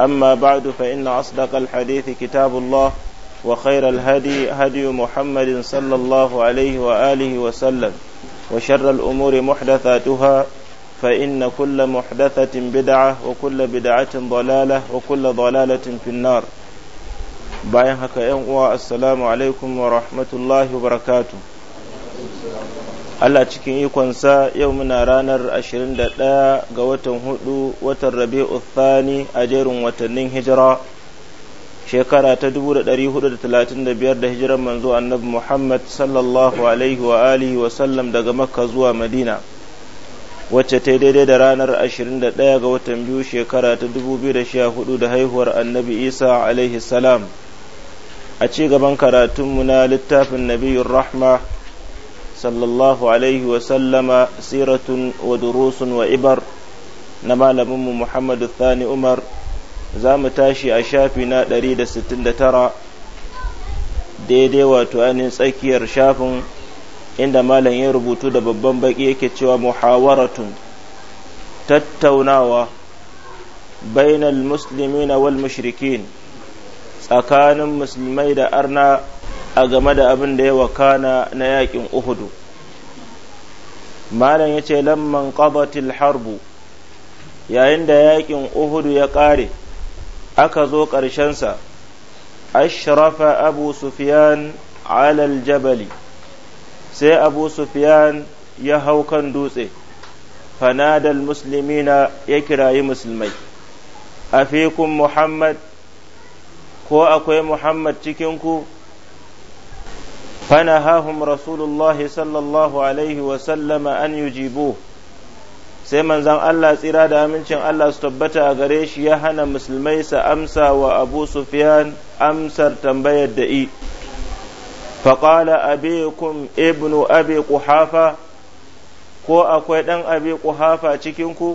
أما بعد فإن أصدق الحديث كتاب الله وخير الهدي هدي محمد صلى الله عليه وآله وسلم وشر الأمور محدثاتها فإن كل محدثة بدعة وكل بدعة ضلالة وكل ضلالة في النار bayan haka ‘yan uwa assalamu alaikum wa rahmatullahi wa barakatu Allah cikin ikonsa yau muna ranar 21 ga watan hudu watan Rabi'u uthani a jerin watannin hijira shekara ta 435 da hijiran manzo annabi Muhammad sallallahu alaihi wa alihi wa sallam daga Makka zuwa Madina wacce ta daidai da ranar 21 ga watan biyu shekara ta 2014 da haihuwar annabi Isa alaihi salam a ci gaban karatunmu na littafin Nabiyyun Rahma صلى الله عليه وسلم سيرة ودروس وعبر نمال مم محمد الثاني أمر زام تاشي أشافنا دريد ستين ترى daidai wato ainihin tsakiyar shafin inda malam ya rubutu da babban baki yake cewa muhawaratun tattaunawa bainal muslimina wal mushrikin tsakanin musulmai da arna a game da abin da ya wakana na yakin uhudu malam ya ce lamman qabatil harbu yayin da yakin uhudu ya ƙare aka zo ƙarshensa ashrafa abu sufyan alal jabali sai abu sufyan ya hau kan dutse fanadal muslimina ya kirayi musulmai afikun muhammad ko akwai muhammad cikinku فنهاهم رسول الله صلى الله عليه وسلم أن يجيبوه sai manzan Allah tsira da amincin Allah su tabbata a gare shi ya hana musulmai sa amsa wa Abu Sufyan amsar tambayar da i faƙala abikum ibnu abi quhafa ko akwai ɗan abi cikin cikinku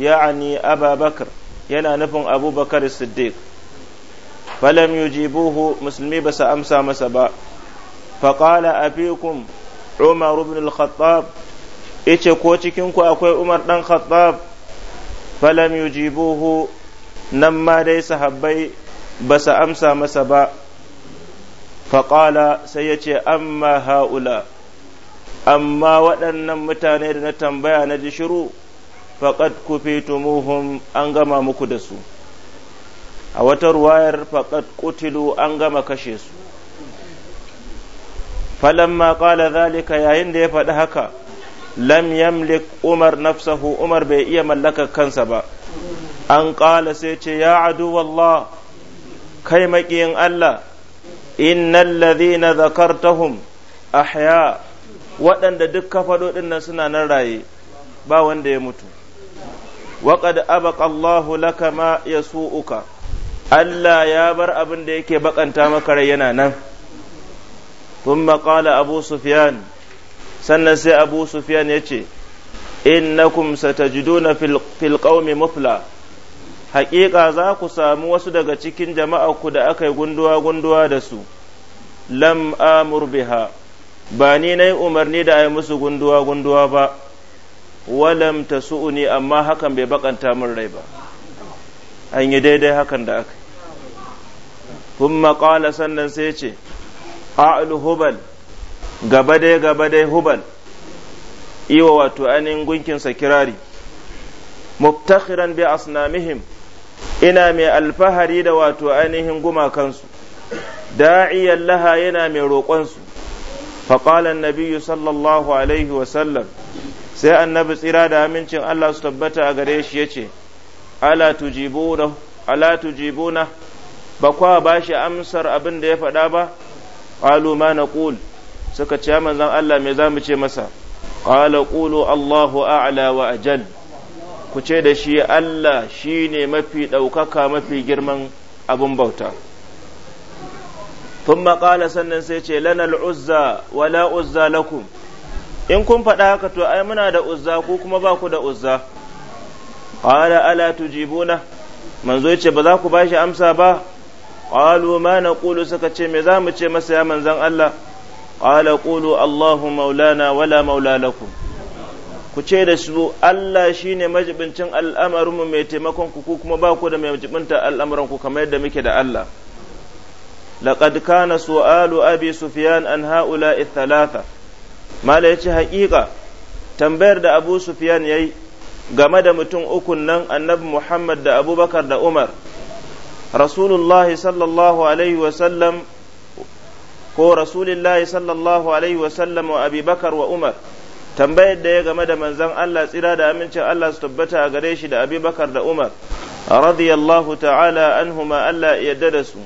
ya'ani ababakar yana nufin abubakar siddiq falam yujibuhu musulmi ba su amsa masa ba فقال أبيكم عمر بن الخطاب ice ko cikinku akwai umar ɗan khattab falam yujibuhu nan ma dai sahabbai ba su amsa masa ba faƙala sai ya ce amma ha'ula amma waɗannan mutane da na tambaya na ji shiru faƙad kufitumuhum an gama muku da su a wata ruwayar faƙad kutilu an gama kashe su falamma qala zalika yayin da ya faɗi haka lam yamlik umar nafsahu umar bai iya mallakar kansa ba an ƙala sai ce ya adu wallah kai maƙiyin Allah innal ladhina zakartahum ahya waɗanda duk ka faɗo nan suna nan raye ba wanda ya mutu waƙad abaka lakama ya su uka. Allah ya bar abin da yake baƙanta maka rai yana nan ثم قال أبو سفيان سنسي أبو سفيان يتي إنكم ستجدون في القوم مفلا haƙiƙa za ku samu wasu daga cikin jama'arku da aka yi gunduwa-gunduwa da su, lam amur biha, ba ni na yi umarni da a musu gunduwa-gunduwa ba, walam ta su'uni amma hakan bai bakanta min rai ba, an yi daidai hakan da aka yi. Kun maƙala sannan sai ce, a'lu hubal gaba dai gaba dai hubal iwa wato ainihin gunkinsa kirari muftakhiran bi asnamihim ina mai alfahari da wato ainihin gumakansu da'iyan laha yana mai roƙonsu faƙalan nabiyu sallallahu alaihi sallam. sai annabi tsira da amincin Allah su tabbata a gare shi ya ce ala tujibuna ba kwa ba shi amsar abin da ya faɗa ba qalu ma naqul suka ce manzon Allah me zamu ce masa qala qulu Allahu a'la wa ajal ku ce da shi Allah shine mafi ɗaukaka mafi girman abin bauta thumma qala sannan sai ce lana al-uzza wa la uzza lakum in kun faɗa haka to ai muna da uzza ko kuma ba ku da uzza qala ala tujibuna manzo yace ba za ku bashi amsa ba qalu ma naqulu suka ce me za mu ce masa ya manzan Allah qala qulu Allahu maulana wala maula ku ce da su Allah shine majibincin al'amarin mu mai taimakon ku ku kuma ba ku da mai majibinta al'amuran ku kamar yadda muke da Allah laqad kana su'alu abi sufyan an haula ithalatha mala yace haƙiƙa tambayar da abu sufyan yayi game da mutum ukun nan annabi muhammad da abubakar da umar rasulullahi sallallahu alaihi wasallam ko wa abi bakar wa umar tambayar da ya game da manzon Allah tsira da aminci Allah su tabbata a gare shi da abi bakar da umar radiyallahu ta'ala anhuma Allah yadda da su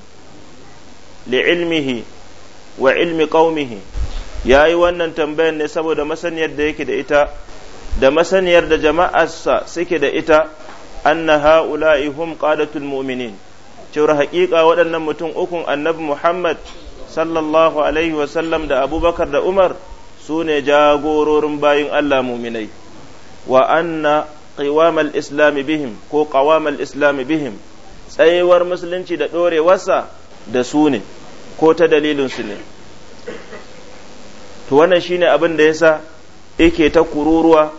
li ilmihi wa ilmi qaumihi yayi wannan tambayar ne saboda masaniyar da yake da ita da masaniyar da jama'ar jama'arsa suke da ita anna ha'ula'i hum qadatul mu'minin cewar haƙiƙa waɗannan mutum ukun annabi Muhammad sallallahu alaihi wasallam da abubakar da Umar su ne jagororin bayin Allah muminai wa anna al islami bihim ko al islami bihim tsayewar musulunci da ɗorewarsa da su ne ko ta dalilin su ne to wannan shine abin da yasa yake ta kururuwa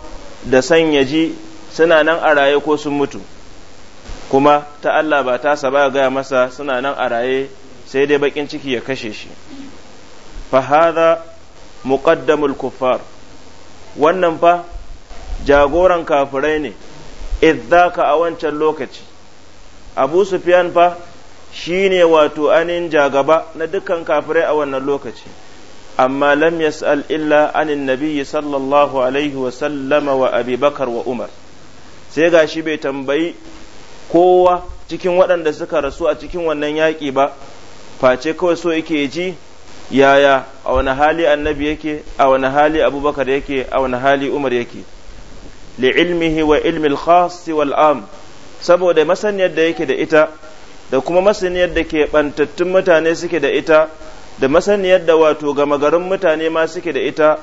da sanya ji suna nan a raye ko sun mutu kuma ta Allah ba ta ba gaya masa suna nan a raye sai dai bakin ciki ya kashe shi fa hadha muqaddamul kuffar wannan fa jagoran kafirai ne idzaka a wancan lokaci abu sufyan fa shine wato anin jagaba na dukkan kafirai a wannan lokaci amma lam yas'al illa anin nabiyyi sallallahu alaihi wa sallama wa abubakar wa umar sai gashi bai tambayi kowa cikin waɗanda suka rasu a cikin wannan yaƙi ba face kawai so yake ji yaya a wani hali annabi yake a wani hali abubakar yake a wani hali umar yake ilmihi wa ilmi khas wal am saboda masaniyar da yake da ita da kuma masaniyar da ke bantattun mutane suke da ita da masaniyar da wato gama garin mutane ma suke da ita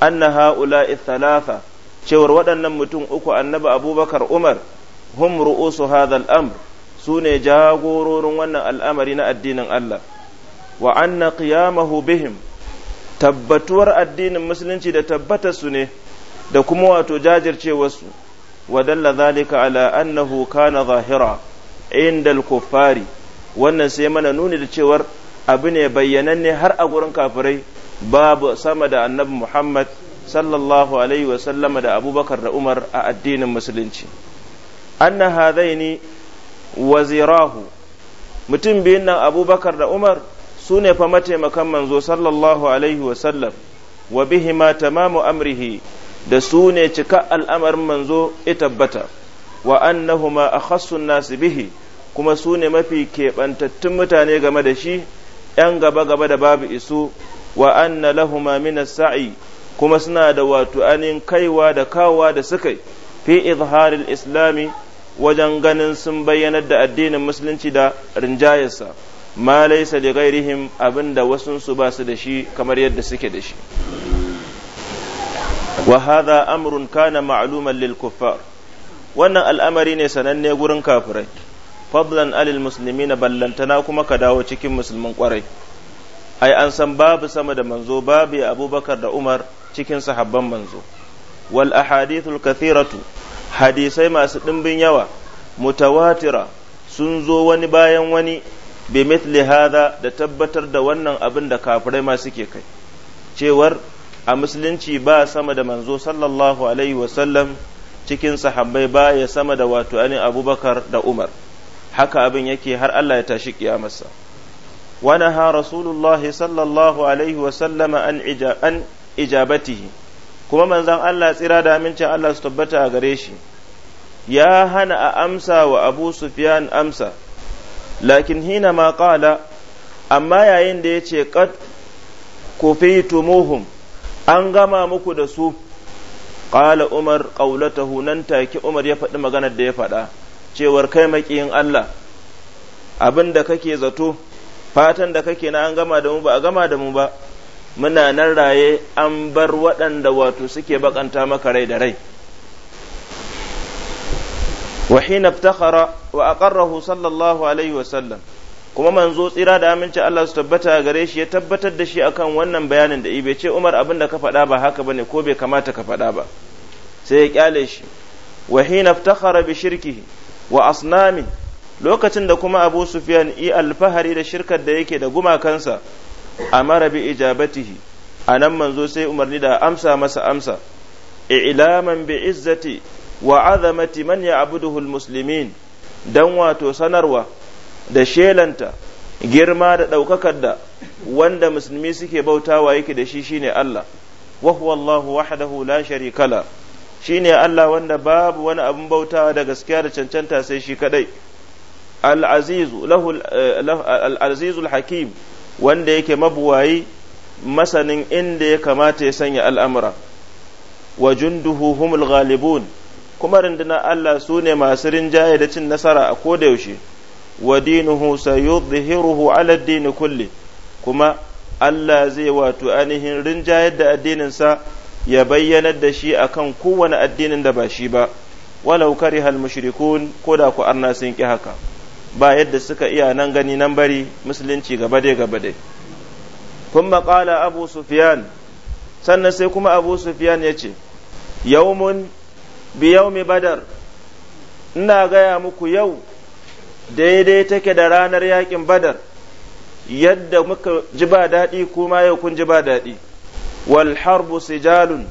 anna ha'ula'i thalatha cewar waɗannan mutum uku annabi abubakar umar hum ru'usu hadha sune jagororin wannan al'amari na addinin Allah wa anna bihim tabbatuwar addinin musulunci da tabbata su ne da kuma wato jajircewarsu wa dalla zalika ala annahu kana zahira inda al-kuffari wannan sai mana nuni da cewar abu ne bayyananne har a gurin kafirai babu sama da annabi Muhammad sallallahu alaihi wa sallama da Abubakar da Umar a addinin musulunci anna hadaini wazirahu mutum biyun nan abubakar da umar su ne fa mataimakan manzo sallallahu alaihi wasallam wa bihima tamamu amrihi da su ne cika al'amarin manzo itabbata tabbata wa annahuma akhassun nasi bihi kuma su ne mafi keɓantattun mutane game da shi ‘yan gaba-gaba da babu isu wa anna lahuma minas sa'i kuma suna da wato anin kaiwa da kawa da suka fi izharil islami wajen ganin sun bayyanar da addinin musulunci da rinjayarsa ma laisa da gairihim abinda wasun su ba su da shi kamar yadda suke da shi wa hada amrun kana ma'luman lil kuffar wannan al'amari ne sananne gurin kafirai fadlan alil muslimina ballantana kuma ka dawo cikin musulmin kwarai ai an san babu sama da manzo babu abubakar da umar cikin sahabban manzo wal ahadithul kathiratu hadisai masu ɗimbin yawa mutawatira sun zo wani bayan wani mithli hadha da tabbatar da wannan abin da kafirai ma suke kai cewar a musulunci ba sama da manzo sallallahu alaihi wasallam cikin sahabbai ba ya sama da wato ani abubakar da umar haka abin yake har allah ya tashi kiyamarsa wa رسول rasulullahi sallallahu alaihi عليه وسلم عن إجابته kuma manzon Allah tsira da amincin Allah su tabbata a gare shi ya hana a amsa wa Abu Sufyan amsa lakin hina ma qala amma yayin da yace qad muhum an gama muku da su qala Umar qaulatahu nan take Umar ya faɗi maganar da ya faɗa cewar kai makiyin Allah abin da kake zato fatan da kake na an gama da mu ba a gama da mu ba muna nan raye an bar waɗanda wato suke bakanta maka rai da rai wa hina iftakhara wa aqarrahu sallallahu alaihi wa sallam kuma manzo tsira da aminci Allah su tabbata gare shi ya tabbatar da shi akan wannan bayanin da ibe ce Umar abin da ka faɗa ba haka bane ko bai kamata ka faɗa ba sai ya kyale shi wa hina iftakhara bi shirkihi wa asnami lokacin da kuma Abu Sufyan i alfahari da shirkar da yake da gumakansa amara bi ijabatihi anan manzo sai umarni da amsa masa amsa i'laman bi izzati wa azamati man ya'buduhu almuslimin dan wato sanarwa da shelanta girma da ɗaukakar da wanda musulmi suke bautawa yake da shi shine Allah wa huwa Allahu wahdahu la sharika la shine Allah wanda babu wani abun bautawa da gaskiya da cancanta sai shi kadai al-azizu lahu al-azizu al-hakim wanda yake mabuwayi masanin inda ya kamata ya sanya al'amura wa junduhu humul ghalibun kuma rundunar Allah su ne masu rinjaye da cin nasara a kodayaushe wa dinuhu sayudhihiruhu ala dini kulli kuma Allah zai wato ainihin rinjayar da addininsa ya bayyanar da shi akan kowane addinin da ba shi ba walau hal mushrikun ko da ku arna sun ki haka ba yadda suka iya nan gani nan bari musulunci gaba dai gaba dai kun maƙala abu sufiyan sannan sai kuma abu sufiyan ya ce yaumun bi yaumi badar ina gaya muku yau daidai take da ranar yakin badar yadda muka ji ba daɗi kuma yau kun ji ba daɗi wal harbu sijalun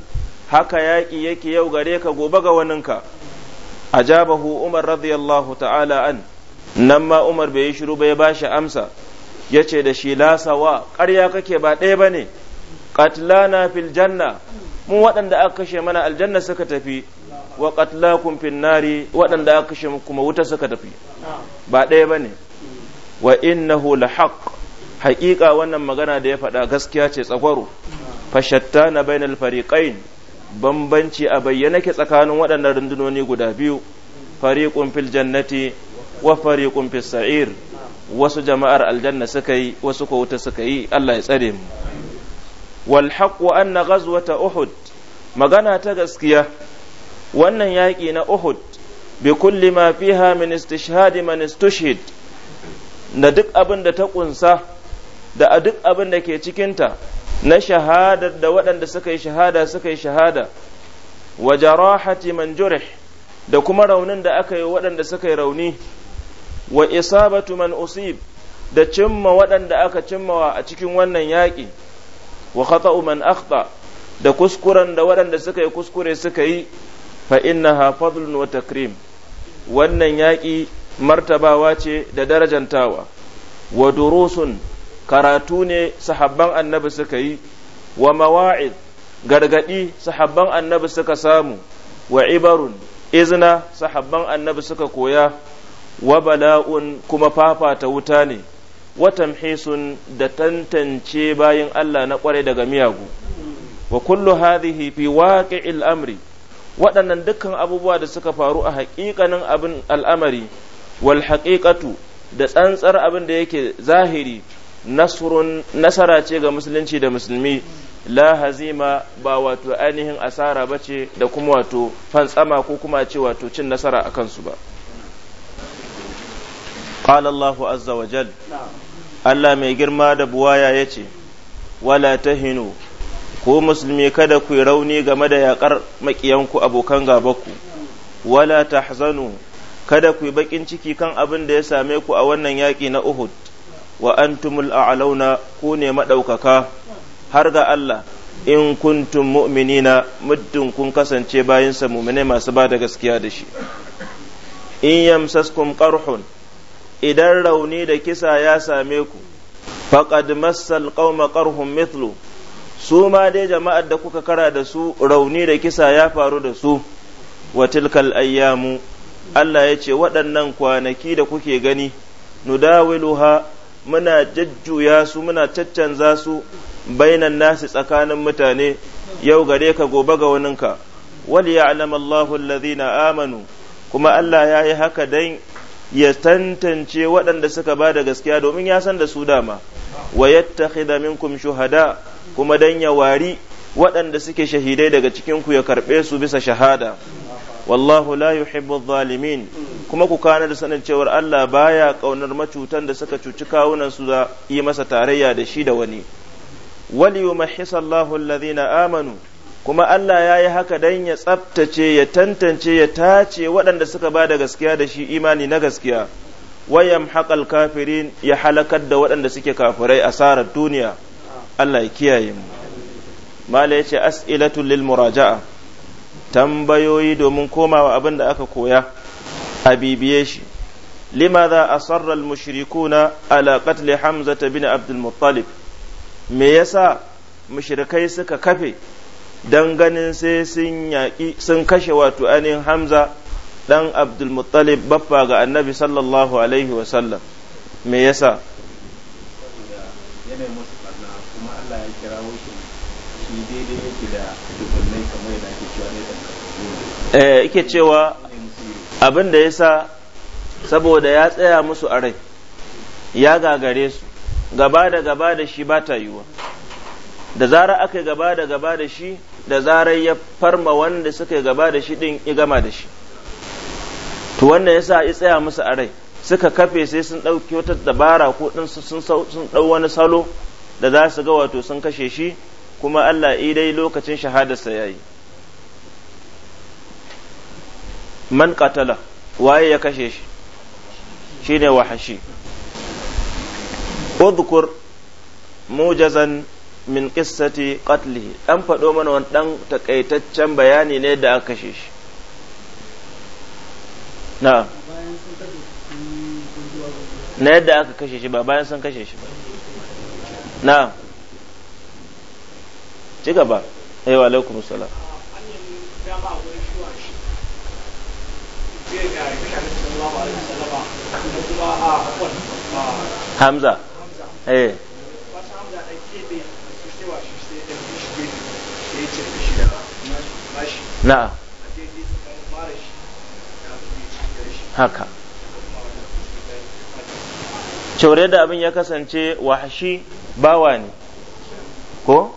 haka yaƙi yake yau gare ka gobe ga waninka ajabahu umar radiyallahu ta'ala an nan ma umar bai yi shiru ba ya bashi amsa ya ce da shi lasawa ƙarya kake ba ɗaya ba ne na fil janna Mun waɗanda aka kashe mana aljanna suka tafi wa qatlakum fin nari waɗanda aka kashe kuma wuta suka tafi ba ɗaya ba ne wa hula haƙ. haƙiƙa wannan magana da ya faɗa gaskiya ce tsakwaro fashatta na bainal fariƙain bambanci a bayyana ke tsakanin waɗannan rundunoni guda biyu fariƙun fil jannati wa fariqun fis sa'ir wasu jama'ar aljanna suka yi wasu ko wuta suka yi Allah ya tsare mu wal wa anna ghazwata uhud magana ta gaskiya wannan yaƙi na uhud bi kulli ma fiha min istishhad man istushhid da duk abin da ta kunsa da a duk abin da ke cikinta na shahadar da waɗanda suka yi shahada suka yi shahada wa jarahati man jurih da kuma raunin da aka yi waɗanda suka yi rauni wa isabatu man usib da cimma waɗanda aka cimmawa a cikin wannan yaƙi wa khata'u man akhta da kuskuren da waɗanda suka yi kuskure suka yi fa innaha fadlun wa takrim wannan yaƙi martabawa ce da darajantawa wa durusun karatu ne sahabban annabi suka yi wa mawa'id gargadi sahabban annabi suka samu wa ibarun izna sahabban annabi suka koya wa bala'un kuma fafata wuta ne wa tamhisun da tantance bayin Allah na kwarai daga miyagu wa kullu hadhihi fi waqi'il amri waɗannan dukkan abubuwa da suka faru a haƙiƙanin abin al'amari wal haƙiƙatu da tsantsar abin da yake zahiri nasrun nasara ce ga musulunci da musulmi la hazima ba wato ainihin asara bace da kuma wato fantsama ko kuma ce wato cin nasara a kansu ba قال الله عز وجل Allah mai girma da buwaya ya ce, Wala ta ku musulmi kada ku rauni game da yaƙar maƙiyanku abokan gabanku wala tahzanu. kada ku baƙin ciki kan abin da ya same ku a wannan yaƙi na Uhud, wa an a'launa ku ne maɗaukaka, har ga Allah, in kuntum mu'minina muddin kun kasance bayansa muminai masu ba da gaskiya da shi. In yamsaskum qarhun idan rauni da kisa ya same ku faqad massal qauma qarhum mithlu su ma dai jama'ar da kuka kara da su rauni da kisa ya faru da su wa tilkal ayyamu Allah ya ce waɗannan kwanaki da kuke gani nudawiluha muna jajjuya su muna caccanza su bainan nasi tsakanin mutane yau gare ka gobe ga waninka wal ya'lamu Allahu amanu kuma Allah ya yi haka dan ya tantance waɗanda suka ba da gaskiya domin ya san da su dama wa yattakhidha minkum shuhada kuma dan ya wari waɗanda suke shahidai daga cikin ku ya karɓe su bisa shahada wallahu la yuhibbu zalimin kuma ku kana da sanin cewar Allah baya kaunar macutan da suka cuci kawunan su da yi masa tarayya da shi da wani wal yumahhisallahu alladhina amanu kuma Allah ya yi haka don ya tsabtace ya tantance ya tace waɗanda suka ba da gaskiya da shi imani na gaskiya wayan haƙal kafirin ya halakar da waɗanda suke kafirai a asarar duniya Allah ya kiyaye mu mala ya ce as'ilatul lil muraja'a tambayoyi domin komawa abin da aka koya a bibiye shi limadha asarra al mushrikuna ala qatl hamzata bin abdul muttalib me yasa mushrikai suka kafe don ganin sai sun yaƙi sun kashe wato anin hamza ɗan abdulmuttalib baffa ga annabi sallallahu alaihi wasallam me yasa eh cewa abin da yasa saboda ya tsaya musu a rai ya gagare su gaba da gaba da shi ba ta yiwa da zara aka gaba da gaba da shi da zarar ya farma wanda suka gaba da shi din ya gama da shi to wannan yasa ya tsaya musu a rai suka kafe sai sun ɗauki wata dabara ko ɗin sun ɗau wani salo da za su ga wato sun kashe shi kuma Allah idai lokacin shahadarsa ya yi man qatala waye ya kashe shi shine wahashi udhkur mujazan min qissati qatlihi dan faɗo mana wani dan takaitaccen bayani ne da aka kashe shi na na yadda aka kashe shi ba bayan sun kashe shi ba na ci gaba eh, wa alaikum salam hamza eh hamza na haka cewar da abin ya kasance wahashi bawa ne ko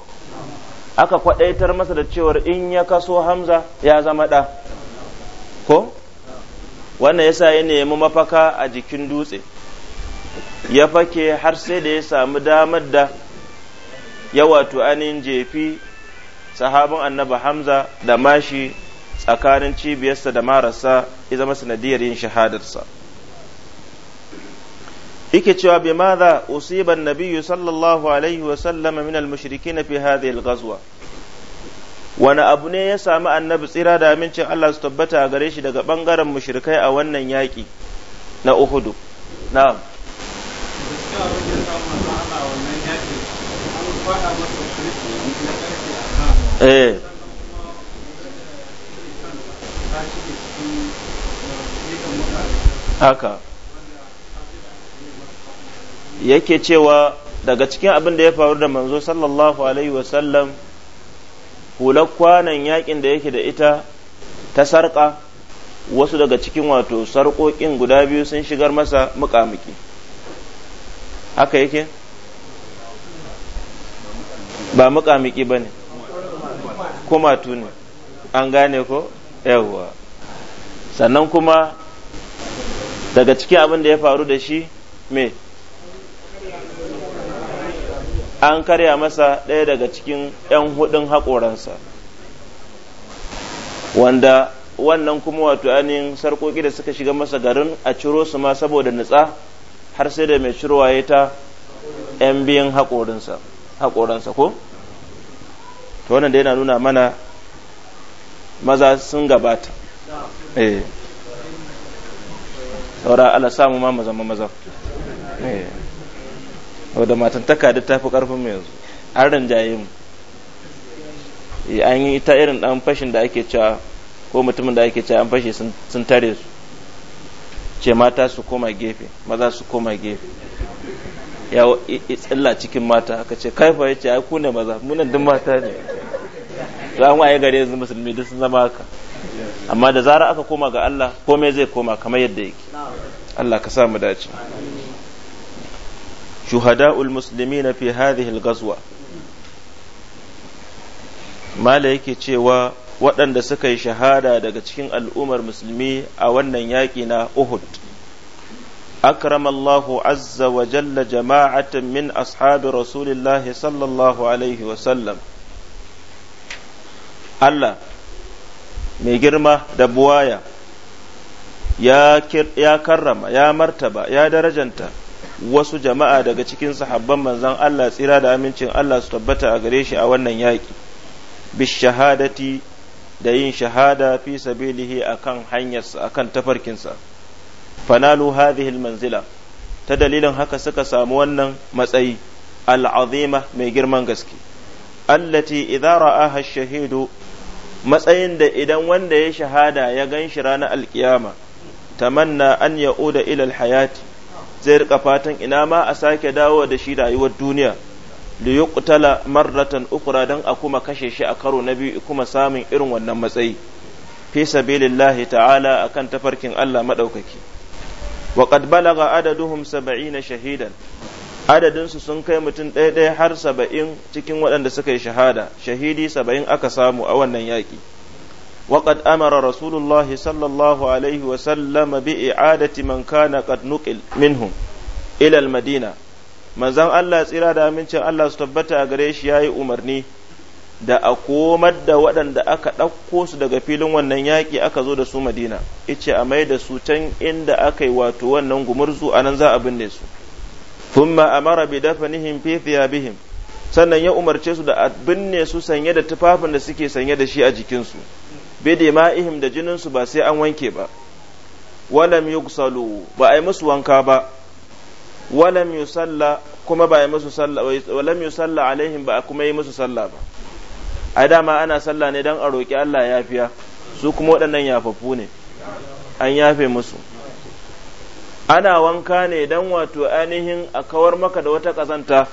aka kwadaitar masa da cewar in ya kaso hamza ya zama ɗa ko wannan yasa ya nemi mafaka a jikin dutse ya fake har sai da ya samu damar da ya wato anin jefi sahabin annaba hamza da mashi tsakanin cibiyarsa da marasa ya zama sanadiyar yin shahadarsa yake cewa bi madha usiba usiban nabiyyu sallallahu alaihi wa sallama min al na fi hadhihi al wani abu ne ya sami annabi tsira da amincin Allah su tabbata a gare shi daga bangaren mushrikai a wannan yaƙi na Uhudu na'am Eh. haka yake cewa daga cikin abin da ya faru da manzo sallallahu alaihi wasallam hular kwanan yakin da yake da ita ta sarƙa wasu daga cikin wato sarƙoƙin guda biyu sun shigar masa muƙamuƙi haka yake ba muƙamiki ba ne kumatu ne an gane ko yawwa sannan kuma daga cikin abin da ya faru da shi me an karya masa ɗaya daga cikin 'yan hudun haƙoransa wanda wannan kuma wato ainihin sarƙoƙi da suka shiga masa garin a ciro su ma saboda nutsa har sai da mai ciro ya ta 'yan biyan haƙorinsa haƙoransa ko to wannan da yana nuna mana maza sun gabata eh saura ala samu ma maza maza eh wadda matantaka da tafi ƙarfin mai yanzu an rinjaye mu eh, an yi ta irin ɗan fashin da ake cewa ko mutumin da ake cewa an fashe sun tare su ce mata su koma gefe maza su koma gefe ya tsalla cikin mata aka ce kaifa ya ce ai ku ne maza munan duk mata ne to an waye gare yanzu musulmi duk sun zama haka amma da zara aka koma ga Allah komai zai koma kamar yadda yake Allah ka sa mu dace shuhada'ul muslimina fi hadhihi al-ghazwa mala yake cewa waɗanda suka yi shahada daga cikin al'ummar musulmi a wannan yaƙi na Uhud أكرم الله عز وجل جماعة من أصحاب رسول الله صلى الله عليه وسلم الله mai girma da buwaya ya karrama ya martaba ya darajanta wasu jama'a daga cikin sahabban manzon Allah tsira da amincin Allah su tabbata a gare shi a wannan yaƙi shahadati da yin shahada fi sabilihi akan hanyarsa akan tafarkinsa fanalu hadhihi manzila ta dalilin haka suka samu wannan matsayi al'azima mai girman gaske allati idza ra'aha shahidu matsayin da idan wanda ya shahada ya ganshi ranar alkiyama tamanna an ya'uda ilal hayati zai rika fatan ina ma a sake dawo da shi rayuwar duniya li yuqtala marratan ukra dan a kuma kashe shi a karo na biyu kuma samun irin wannan matsayi fi sabilillahi ta'ala akan tafarkin Allah madaukaki wa qad balagha adaduhum na shahidan adadinsu sun kai mutum ɗaya ɗaya har saba'in cikin waɗanda suka yi shahada shahidi saba'in aka samu a wannan yaƙi وقد أمر رسول الله صلى الله عليه وسلم بإعادة من كان قد نقل منهم إلى المدينة manzon Allah tsira da amincin Allah su tabbata a gare shi yayi umarni da a komar da waɗanda aka ɗauko su daga filin wannan yaƙi aka zo da su madina ice a mai da su can inda aka yi wato wannan gumurzu a nan za a binne su thumma amara bi dafanihim fi thiyabihim sannan ya umarce su da a binne su sanye da tufafin da suke sanye da shi a jikinsu bi dima'ihim da jinin su ba sai an wanke ba walam yugsalu ba a yi musu wanka ba walam yusalla kuma ba a musu salla walam yusalla alaihim ba kuma yi musu sallah ba ai dama ana sallah ne don a roƙi Allah yafiya su kuma waɗannan yafafu ne an yafe musu ana wanka ne don wato ainihin a kawar maka da wata ƙazanta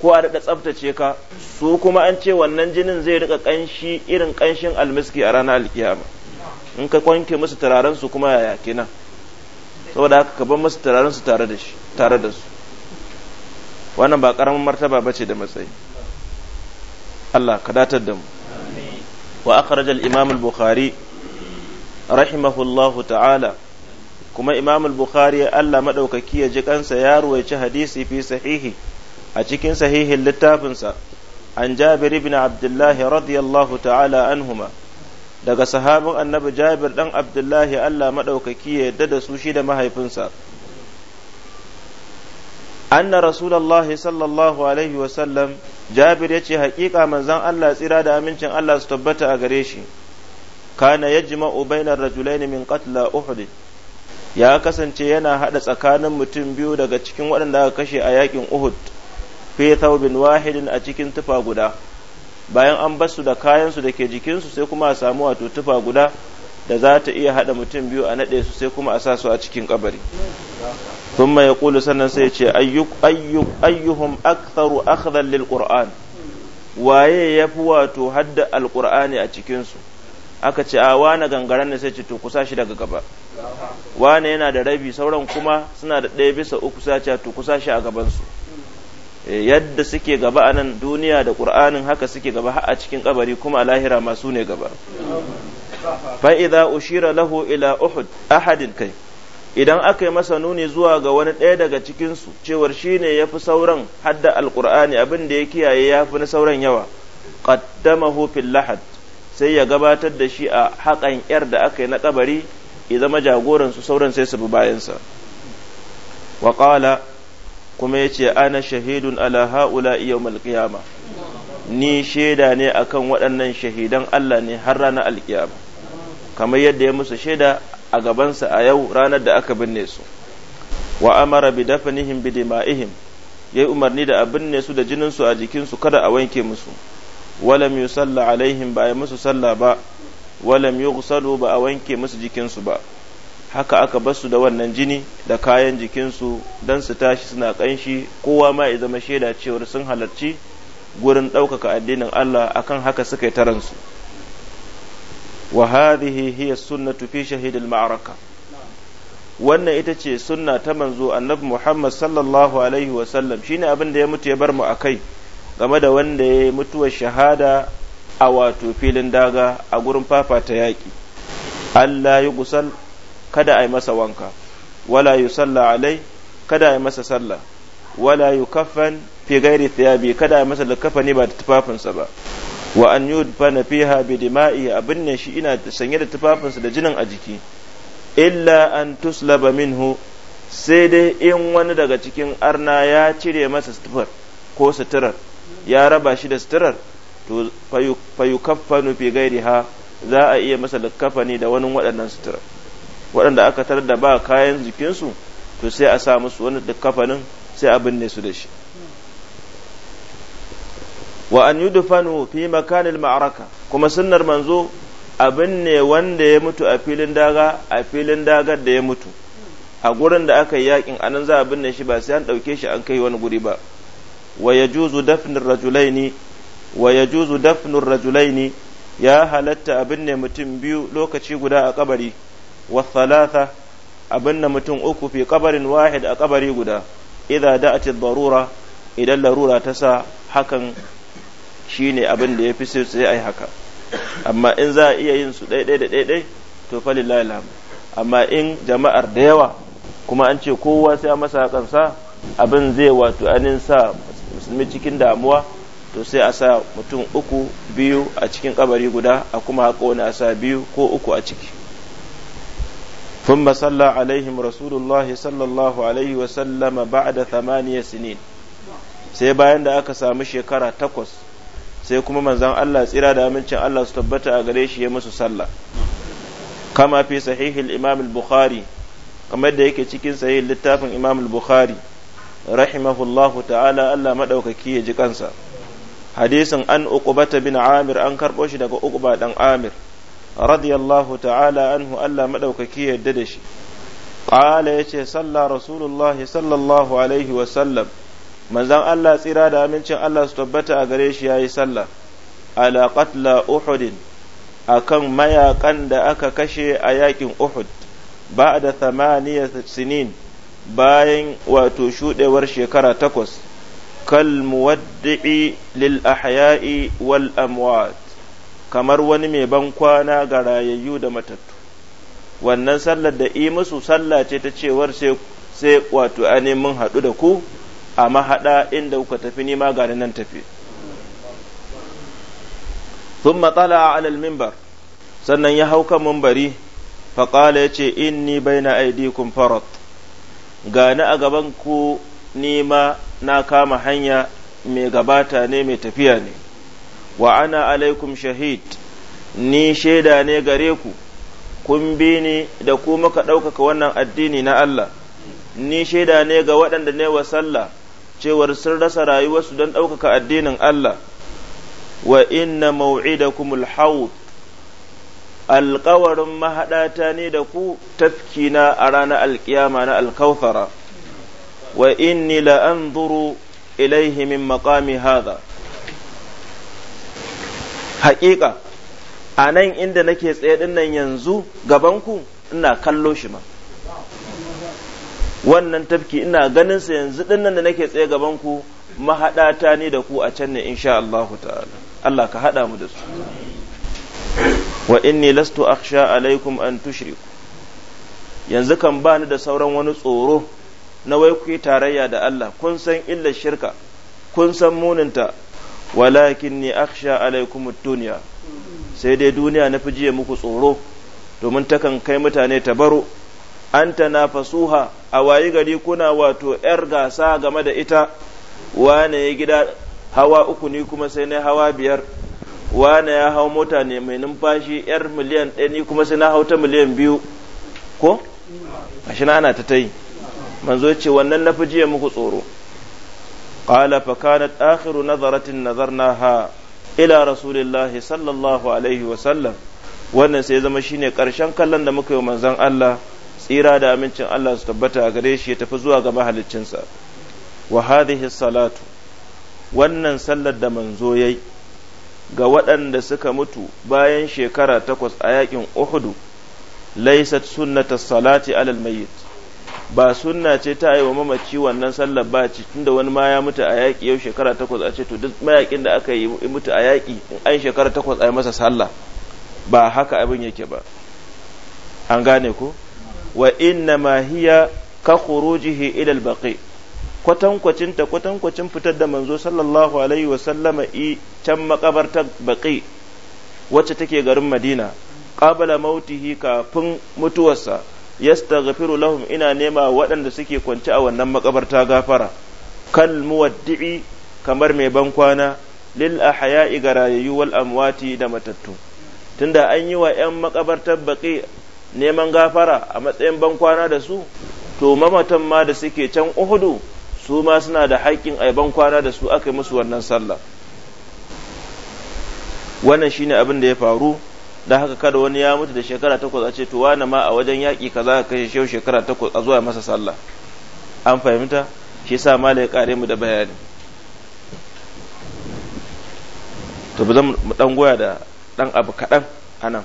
ko a daɗa tsaftace ka su kuma an ce wannan jinin zai riƙa ƙanshi irin ƙanshin almiski a ranar alkiyama in ka kwanke musu turaren su kuma yaya kenan saboda haka ka bar musu turaren su tare da su wannan ba ƙaramin martaba bace da matsayi Allah ka datar da wa akhrajal imam al ta'ala kuma imamul al Allah madaukaki ya jikansa ya ruwaici hadisi fi sahihi a cikin sahihin littafinsa an jabir ibn abdullah radiyallahu ta'ala anhuma daga sahabin annabi jabir dan abdullahi Allah madaukaki ya yadda da su shi da mahaifinsa anna rasulullahi sallallahu alaihi wa sallam jabir ya ce haƙiƙa manzon Allah tsira da amincin Allah su tabbata a gare shi kana yajma'u bainar rajulaini min qatla uhud ya kasance yana hada tsakanin mutum biyu daga cikin waɗanda aka kashe a yakin uhud fi thawbin wahidin a cikin tufa guda bayan an basu da kayansu da ke jikinsu sai kuma a samu wato tufa guda da za ta iya hada mutum biyu a naɗe su sai kuma a sa su a cikin kabari ثم يقول سنن سيتي أيك أيك أيهم أكثر أخذا للقرآن waye ya fi wato hadda alkur'ani a cikinsu aka ce a wane gangaren ne sai ce to kusa shi daga gaba wane yana da rabi sauran kuma suna da ɗaya bisa uku sai ce to kusa shi a gabansu eh, yadda suke gaba a nan duniya da qur'anin haka suke gaba har a cikin kabari kuma a lahira masu ne gaba fa idza ushira lahu ila uhud ahadin kai idan aka yi masa nuni zuwa ga wani ɗaya daga cikinsu cewar shi ne ya fi sauran hadda alƙur'ani abin da ya kiyaye ya fi na sauran yawa qaddamahu fil lahad sai ya gabatar da shi a haƙan yar da aka yi na kabari ya zama jagoransu sauran sai su bi bayansa wa kuma ya ce ana shahidun ala ha'ula yawmal qiyama ni shaida ne akan waɗannan shahidan Allah ne har ranar alƙiyama kamar yadda ya musu shaida a gabansa a yau ranar da aka binne su wa amara bi dafanihim bi dima'ihim yayi umarni da a binne su da jinin su a jikin su kada a wanke musu walam yusalla alaihim ba a musu sallah ba walam yughsalu ba a wanke musu jikin su ba haka aka basu da wannan jini da kayan jikin su dan su tashi suna kanshi kowa ma ya zama shaida cewar sun halarci gurin ɗaukaka addinin Allah akan haka suka yi taransu. su وهذه هي السنة في شهيد المعركة wannan ita ce sunna ta manzo annabi Muhammad sallallahu shine abin da ya mutu ya bar mu a kai game da wanda ya mutuwar shahada a wato filin daga a gurin fafata yaƙi Allah yi gusal kada a masa wanka wala yi salla alai kada a masa sallah wala yi kafan fi gairi kada a masa likafani ba da tufafinsa ba wa an fana fiha bi dima'i abin ne shi ina sanye da tufafinsa da jinin a jiki illa an tuslaba minhu sai dai in wani daga cikin arna ya cire masa suturar ko suturar ya raba shi da suturar to fayukaffanu fi ha za a iya masa kafani da wani waɗannan suturar waɗanda aka tarar da ba kayan jikinsu to sai a sa musu wani kafanin sai a binne su da shi wa an yudfanu fi makanil ma'araka kuma sunnar manzo abin ne wanda ya mutu a filin daga a filin dagar da ya mutu a gurin da aka yi yakin anan za a binne shi ba sai an ɗauke shi an kai wani guri ba wa yajuzu dafnur rajulaini wa yajuzu dafnur rajulaini ya halatta abin ne mutum biyu lokaci guda a kabari wa thalatha abin da mutum uku fi kabarin wahid a kabari guda idza da'at ad-darura idan larura ta sa hakan shi ne abin da ya fi sai a yi haka amma in za a iya yin su ɗaiɗai da ɗaiɗai to falillahi alhamdu amma in jama'ar da yawa kuma an ce kowa sai masa kansa abin zai wato anin sa musulmi cikin damuwa to sai a sa mutum uku biyu a cikin kabari guda a kuma haka wani a sa biyu ko uku a ciki ثم صلى عليهم رسول الله صلى الله عليه وسلم بعد ثمانية سنين sai bayan da aka samu shekara takwas sai kuma manzan Allah tsira da amincin Allah su tabbata a gare shi ya musu sallah kama fi sahihil imam al-bukhari kamar da yake cikin sahihin littafin imam al-bukhari rahimahullahu ta'ala Allah madaukaki ya ji kansa hadisin an uqbata bin amir an karbo shi daga uqba dan amir radiyallahu ta'ala anhu Allah madaukaki ya yarda da shi qala yace sallah rasulullahi sallallahu alaihi wa sallam manzon Allah tsira da amincin Allah su tabbata a gare shi ya yi sallah ala qatla uhud akan mayakan da aka kashe a yakin uhud ba'da thamaniya sinin bayan wato shudewar shekara takwas kal muwaddi'i lil ahya'i wal amwat kamar wani mai ban kwana ga rayayyu da matattu wannan sallar da yi musu sallah ce ta cewar sai wato ani mun haɗu da ku a mahaɗa inda kuka tafi nima ga nan tafi sun matsala a alal mimbar sannan ya hau kan mumbari faƙala ya ce inni baina aidikum farat gani a gaban ku nima na kama hanya mai gabata ne mai tafiya ne wa ana alaikum shahid ni shaida ne gare ku kun bi ni da ku muka ɗaukaka wannan addini na Allah, ni shaida ne ga waɗanda ne wa sallah, cewar sun rasa rayuwarsu don ɗaukaka addinin Allah wa inna mau'idakumul haud alƙawarin mahaɗata ne da ku tafkina a ranar alƙiyama na alkawfara wa inni la'anzuru ilaihi min maƙami haza haƙiƙa a nan inda nake tsaye ɗin nan yanzu gabanku ina kallo shi ma wannan tafki ina ganin sa yanzu dinnan da nake tsaye gaban ku mahaɗata ne da ku a can ne insha Allahu ta'ala Allah ka haɗa mu da su wa inni lastu akhsha alaikum an tushriku yanzu kan ba ni da sauran wani tsoro na wai ku tarayya da Allah kun san illar shirka kun san muninta walakin ni akhsha alaikum dunya sai dai duniya na fi jiya muku tsoro domin takan kai mutane ta baro an nafasuha a wayi gari kuna wato ‘yar gasa game da ita, wane ya gida hawa uku ni kuma sai na hawa biyar, wane ya hau mota ne mai numfashi ‘yar miliyan ɗaya ni kuma sai na hau ta miliyan biyu, ko? Ashe na ana ta ta manzo ce wannan na fi jiya muku tsoro. qala fa nazaratin akhiru nazaratin nazarnaha ila rasulillahi sallallahu alaihi wa sallam wannan sai zama shine karshen kallon da muka yi manzon Allah tsira da amincin Allah su tabbata a gare shi ya tafi zuwa ga mahaliccinsa wa hadhihi salatu wannan sallar da manzo yayi ga waɗanda suka mutu bayan shekara takwas a yakin Uhudu laysat sunnata salati alal mayyit ba sunna ce ta yi wa mamaci wannan sallar ba ce tunda wani ma ya mutu a yaƙi yau shekara takwas a ce to duk mayakin da aka yi mutu a yaƙi in an shekara takwas a yi masa sallah ba haka abin yake ba an gane ko wa inna ma hiya ka khurujihi ila al-baqi kwatankwacin kwatankwacin fitar da manzo sallallahu alaihi wa sallama i can makabartar baƙi wacce take garin madina qabala mautihi kafin mutuwarsa yastaghfiru lahum ina nema waɗanda suke kwance a wannan makabarta gafara kal muwaddi'i kamar mai bankwana lil ahya'i ga rayayyu amwati da matattu tunda an yi wa 'yan makabartar baƙi neman gafara a matsayin bankwana da su to mamatan ma da suke can uhudu su ma suna da haƙƙin a bankwana da su aka yi musu wannan sallah wannan shine abin da ya faru da haka kada wani ya mutu da shekara takwas a ce to wani ma a wajen yaƙi kaza ka kashe shehu shekara takwas a zuwa masa sallah an fahimta shi sa mala ya kare mu da bayani to ba zan mu dan goya da dan abu kaɗan anan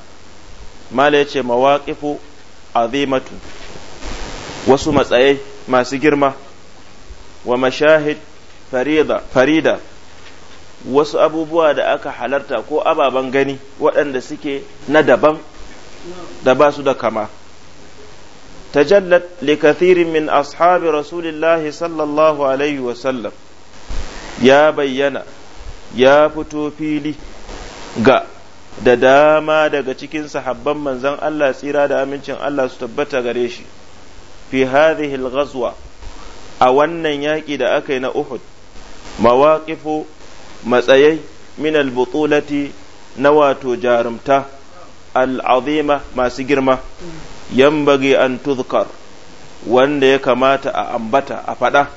mala ya ce mawaƙifu azimatu wasu matsaye masu girma wa mashahid farida wasu abubuwa da aka halarta ko ababen gani waɗanda suke na daban da ba su da kama tajallat likathirin min ashabi rasulillahi sallallahu alaihi sallam ya bayyana ya fito fili ga da dama daga cikin sahabban manzan Allah tsira da amincin Allah su tabbata gare shi fi hadhihi al-ghazwa a wannan yaƙi da aka yi na Uhud mawaqifu matsayai min al-butulati na wato jarumta al'azima masu girma yambage an tuzkar wanda ya kamata a ambata a faɗa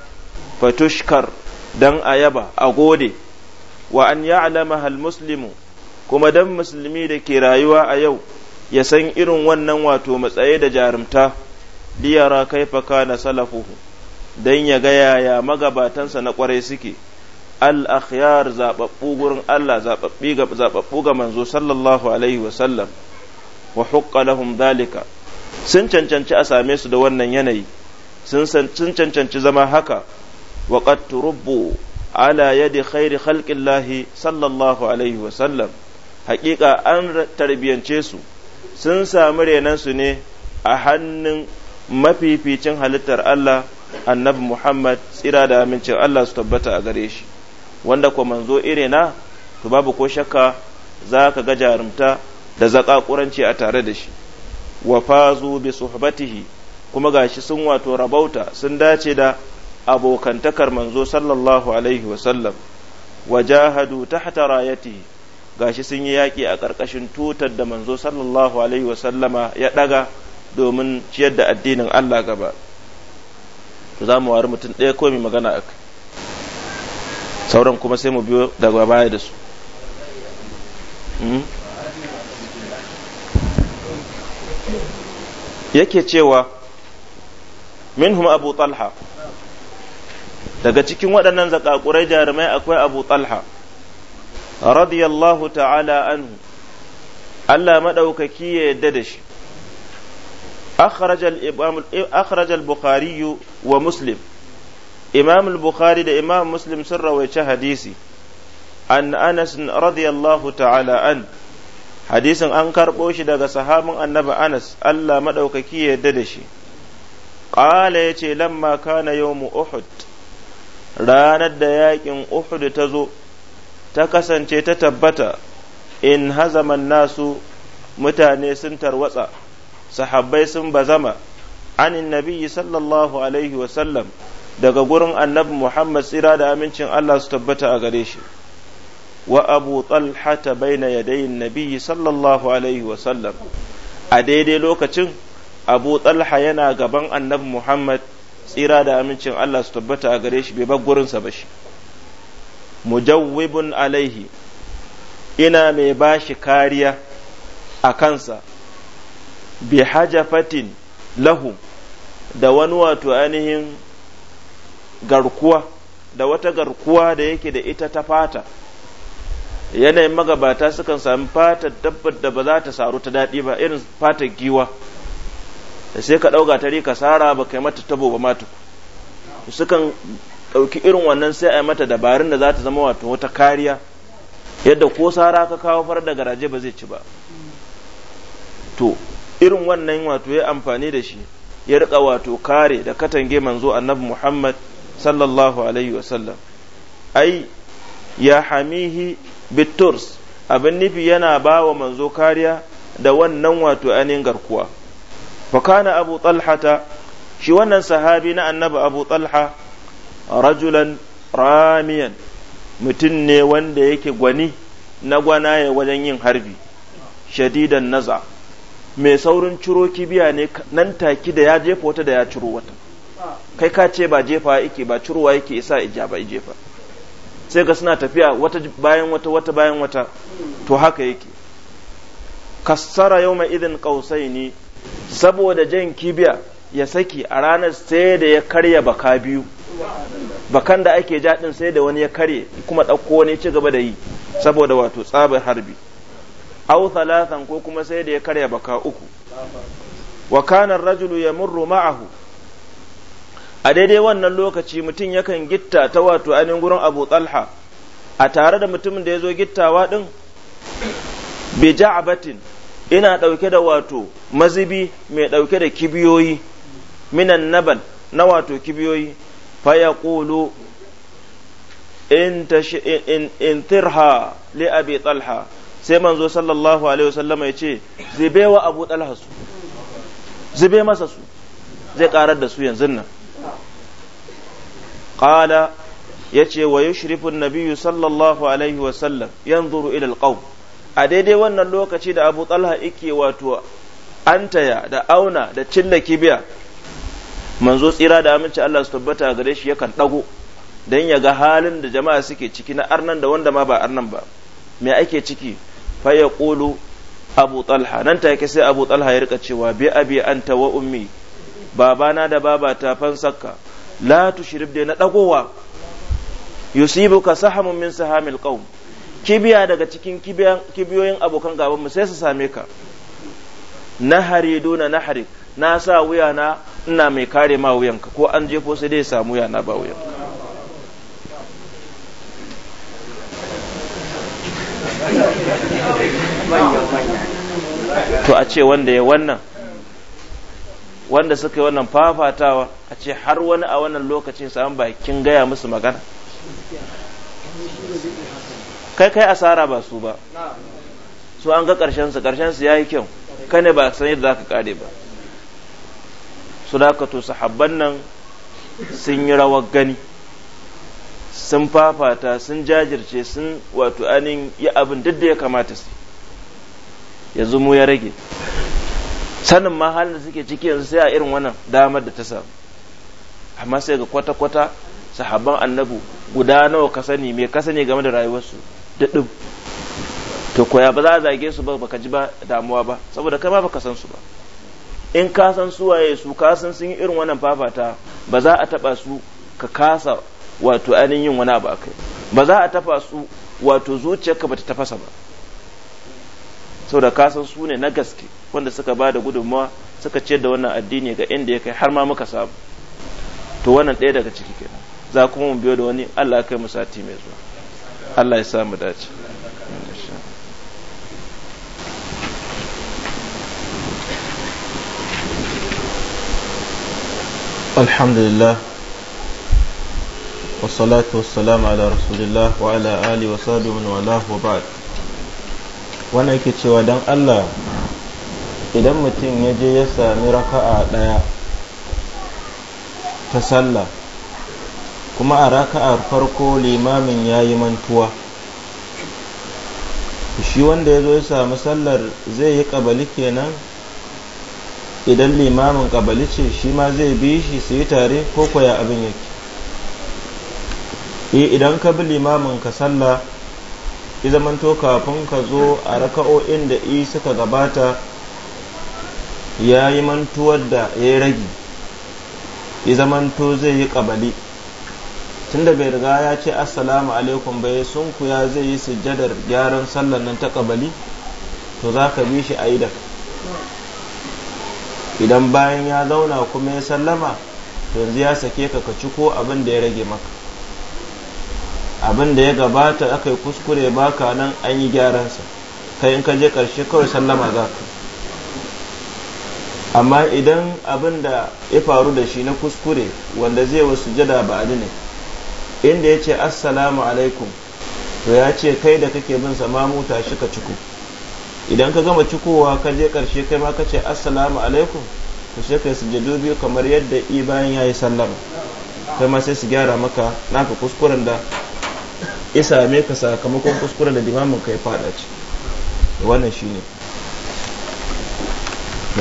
fatushkar don a yaba a gode wa an ya'lama hal muslimu kuma dan musulmi da ke rayuwa a yau ya san irin wannan wato matsaye da jarumta liyara kaifaka na salafuhu dan ya ga yaya magabatansa na kwarai suke al akhyar zababbu gurin Allah ga zababbu ga manzo sallallahu alaihi wa sallam wa huqqa lahum dalika sun cancanci a same su da wannan yanayi sun cancanci zama haka wa qad turubbu ala yadi khairi khalqillahi sallallahu alaihi wa sallam hakika an tarbiyance su sun sami su ne a hannun mafificin halittar Allah annabi Muhammad tsira da amincin Allah su tabbata a gare shi wanda kuma manzo na to babu ko shakka za ka ga jarumta da zaƙaƙuranci a tare da shi wa fazu bi suhbatihi kuma gashi sun wato rabauta sun dace da abokantakar manzo sallallahu alaihi sallam wa jahadu tahta rayatihi gashi sun yi yaƙi a ƙarƙashin tutar da manzo sallallahu alaihi wasallama ya ɗaga domin ciyar da addinin Allah gaba to za mu wari mutum ɗaya ko mai magana a sauran kuma sai mu biyo daga baya da su hmm? yake cewa minhum abu talha daga cikin waɗannan zakakurai jarumai akwai abu talha radiyallahu ta'ala anhu Allah maɗaukaki ya yadda da shi akhraj al-bukhari wa muslim imam al-bukhari da imam muslim sun rawaice hadisi an anas radiyallahu ta'ala an hadisin an karɓo shi daga sahabin annabi anas Allah maɗaukaki ya yadda da shi ƙala ya ce lamma kana yawmu uhud ranar da yaƙin uhud ta zo ta kasance ta tabbata in hazaman nasu mutane sun tarwatsa sahabbai sun bazama anin nabiyyi sallallahu alaihi wasallam daga gurin annabi muhammad tsira da amincin allah su tabbata a gare shi wa abu ta baina yadayin nabiyyi sallallahu alaihi wasallam a daidai lokacin abu talha yana gaban annabi muhammad tsira da amincin allah su tabbata a gare shi bai bar gurinsa ba shi mujawwibun alaihi ina mai bashi kariya a kansa bi hajafatin lahu da wani wato ainihin garkuwa da wata garkuwa da yake da ita ta fata yanayin magabata sukan sami fatar dabbar da ba za ta saru ta daɗi ba irin fatar giwa sai ka ɗauka tare ka sara ba kai mata tabo ba matu sukan ɗauki irin wannan sai a mata dabarun da za ta zama wato wata kariya yadda ko sara ka kawo farar da garaje ba zai ci ba to irin wannan wato ya amfani da shi ya rika wato kare da katange manzo annabi muhammad sallallahu alaihi wasallam ai ya hamihi bitturs abin nufi yana ba wa manzo kariya da wannan wato anin garkuwa fakana abu talhata shi wannan sahabi na annabi abu talha rajulan ramiyan mutum ne wanda yake gwani na gwana ya wajen yin harbi shadidan naza mai saurin ciro kibiya ne nan taki da ya jefa wata da ya ciro wata kai ka ce ba jefa yake ba ciruwa yake isa ija ba jefa sai ga suna tafiya wata bayan wata wata bayan wata to haka yake kassara yau mai idin kausai ne saboda jan kibiya ya saki a ranar sai da ya karya baka biyu bakan da ake jaɗin sai da wani ya kare kuma ɗauko wani ci gaba da yi saboda wato tsabar harbi aw thalathan ko kuma sai da ya karya baka uku wa kana rajulu yamurru ma'ahu a daidai wannan lokaci mutum yakan gitta ta wato ainihin gurin Abu Talha a tare da mutumin da ya zo gittawa din bi ja'batin ina ɗauke da wato mazibi mai ɗauke da kibiyoyi minan nabal na wato kibiyoyi فيقول in tirha li abi talha sai manzo sallallahu alaihi ya ce zube wa abu talha su masa su zai karar da su yanzu nan qala yace wa yushrifu nabiyyu sallallahu alaihi wasallam yanzuru ila a daidai wannan lokaci da abu talha yake wato antaya da auna da cilla kibiya manzo tsira da aminci Allah su tabbata gare shi yakan dago dan ya ga halin da jama'a suke ciki na arnan da wanda ma ba arnan ba me ake ciki fa qulu abu talha nan take sai abu talha ya rika cewa bi abi anta wa ummi babana da babata fansakka la tushrib da na dagowa yusibuka sahamun min sahamil qaum kibiya daga cikin kibiyoyin abokan gaban mu sai su same ka nahari na nahari na sa wuya na ina mai kare ma wuyanka ko an jefo sai dai samu yana ba wuyanka to a ce wanda ya wannan wanda suka yi wannan fafatawa a ce har wani a wannan lokacin samun bakin gaya musu magana kai kai asara ba su ba su an ga ƙarshensu su ya yi kyau kane ba san yadda za ka kare ba su sahabban nan sun yi rawar gani sun fafata sun jajirce sun wato anin yi abin duk da ya kamata su yanzu mu ya rage sanin ma halin da suke ciki yanzu sai a irin wannan damar da ta samu amma sai ga kwata-kwata sahabban annabu guda nawa ka sani mai ka sani game da rayuwarsu daɗin to koya ba za a zage su ba baka ji ba damuwa ba saboda kai ma baka san su ba in ka san suwaye su ka san sun yi irin wannan fafata ba za a taba su ka kasa wato ainihin yin wani abu akai ba za a tafa su wato zuciyarka bata tafasa ba saboda ka san su ne na gaske wanda suka ba da gudunmawa suka ciyar da wannan addini ga inda ya kai har ma muka samu to wannan ɗaya daga ciki kenan za kuma mu biyo da wani Allah kai mu sati mai zuwa Allah ya samu dace الحمد لله والصلاة والسلام على رسول الله وعلى آله وصحبه من والاه وبعد yake cewa don Allah idan mutum ya je ya sami raka'a ɗaya ta salla, kuma a raka'ar farko limamin ya yi mantuwa shi wanda ya zo ya sami sallar zai yi ƙabali kenan idan limamin kabali ce shi ma zai bi shi su yi tare ko kwaya abin yake eh, idan ka bi limamin ka sallah ya zamanto kafin ka zo a raka'o'in da yi suka gabata ya yi mantuwar da ya yi ragi ya zamanto zai yi kabali tunda bai riga ya ce assalamu alaikum bai sun kuya zai yi sujjadar gyaran sallar nan ta kabali to za ka bi shi a yi da idan bayan ya zauna kuma ya sallama yanzu ya sake ka ka ciko abin da ya rage maka abin da ya gabata aka yi kuskure baka nan an yi sa kai in ka je ƙarshe kawai sallama za ka amma idan abin da ya faru da shi na kuskure wanda zai wasu jada ba ne inda ya ce assalamu alaikum to ya ce kai da kake bin sa mamu tashi ka ciko idan ka gama cikowa ka je karshe kai ma ka ce assalamu alaikum to sai ka sujjadu biyu kamar yadda i bayan ya yi sallama kai ma sai su gyara maka naka kuskuren da ya same ka sakamakon kuskuren da limamin ka ya fada ci wannan shi ne.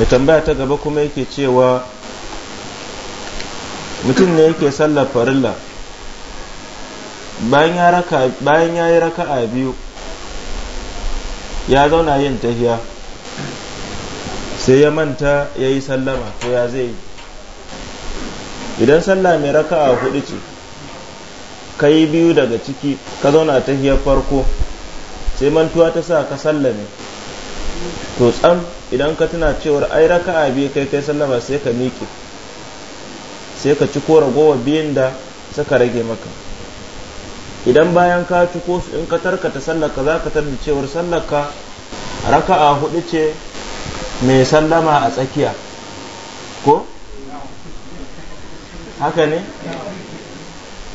mai tambaya ta gaba kuma yake cewa mutum ne yake sallar farilla bayan ya yi raka'a biyu ya zauna yin tahiya sai ya manta ya yi sallama to ya zai idan sallah mai raka a hudu ce ka yi biyu daga ciki ka zauna tahiyar farko sai mantuwa ta sa ka sallame to tsam idan ka tuna cewar ai raka a biyu kai kai sallama sai ka miƙe sai ka ci ko ragowa biyun da suka rage maka idan bayan ka tuko su in ka tarkata sallaka za ka tarda cewar sallaka raka'a hudu ce mai sallama a tsakiya ko haka ne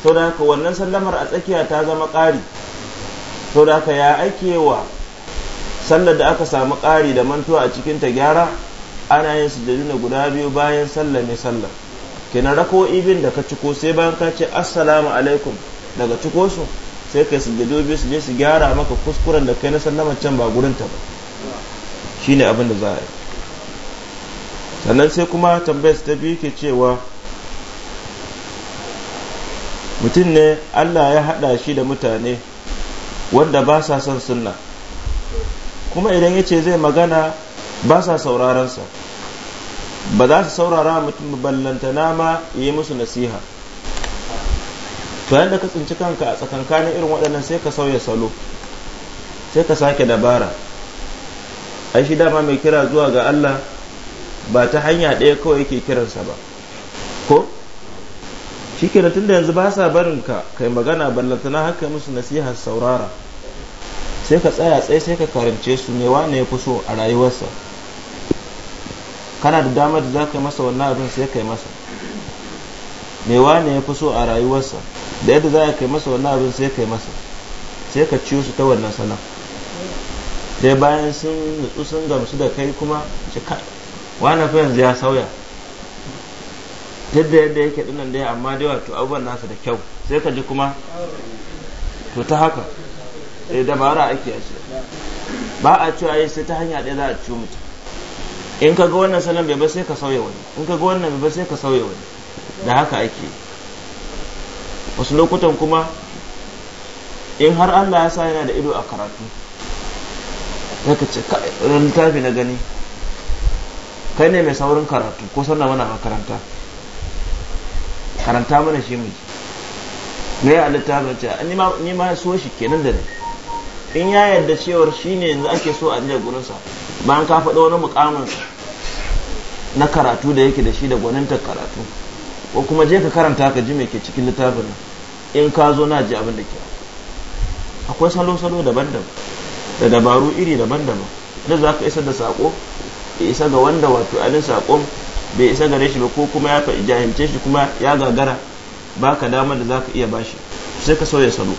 to da haka wannan sallamar a tsakiya ta zama ƙari to da haka ya ake wa sallar da aka samu ƙari da mantuwa a cikin ta gyara ana yin sujjadu na guda biyu bayan sallar ne sallar kenan rako ibin da ka ciko sai bayan ka ce assalamu alaikum daga ciko su sai kai sujjado biyu su je su gyara maka kuskuren da kai na sallama can ba gurin ta ba ne abin da za a yi sannan sai kuma tambayar ta biyu ke cewa mutum ne Allah ya hada shi da mutane wanda ba sa son sunna kuma idan ya ce zai magana ba sa saurarensa ba za su saurara mutum ballantana ma yi musu nasiha to yadda ka tsinci kanka a tsakankanin irin waɗannan sai ka sauya salo sai ka sake dabara a shi dama mai kira zuwa ga Allah ba ta hanya ɗaya kawai yake kiransa ba ko shi tun tunda yanzu ba sa barin ka kai magana ballantana haka musu nasiha saurara sai ka tsaya tsaye sai ka karance su ne wane ya fi so a rayuwarsa kana da damar da za ka yi masa wannan abin sai ka yi masa me wane ya fi so a rayuwarsa da yadda za a kai masa wannan abin sai kai masa sai ka ciyo su ta wannan salam sai bayan sun nutsu sun gamsu da kai kuma cika ka wani fa yanzu ya sauya yadda yadda yake dinnan dai amma dai wato abubuwan nasa da kyau sai ka ji kuma to ta haka sai eh, dabara ake a ce ba a a yi sai ta hanya ɗaya za a ci mutum in ka ga wannan salon bai ba sai ka sauya wani in ka ga wannan bai ba sai ka sauya wani da haka ake yi wasu lokutan kuma in har allah ya sa yana da ido a karatu zaka ce littafi na gani kai ne mai saurin karatu ko sannan mana makaranta karanta mana shi mu ne yi a littafin ce ni ma so shi kenan da ne in ya yarda cewar shi ne yanzu ake so a jiya gurinsa bayan ka faɗo wani mukaminsa na karatu da yake da shi da gwaninta karatu ko kuma je ka karanta ka ji me ke cikin littafin nan in ka zo na ji abin da ke akwai salo-salo daban-daban da dabaru iri daban-daban da za ka isa da sako ya isa ga wanda wato alin sakon bai isa gare shi ba ko kuma ya jahilce shi kuma ya gagara ba ka damar da za ka iya bashi sai ka sauya salo